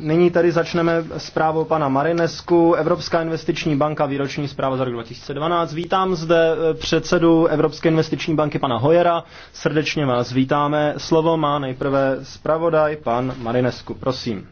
Nyní tady začneme zprávou pana Marinesku. Evropská investiční banka, výroční zpráva za rok 2012. Vítám zde eh, předsedu Evropské investiční banky pana Hojera. Srdečně vás vítáme. Slovo má nejprve zpravodaj pan Marinesku. Prosím.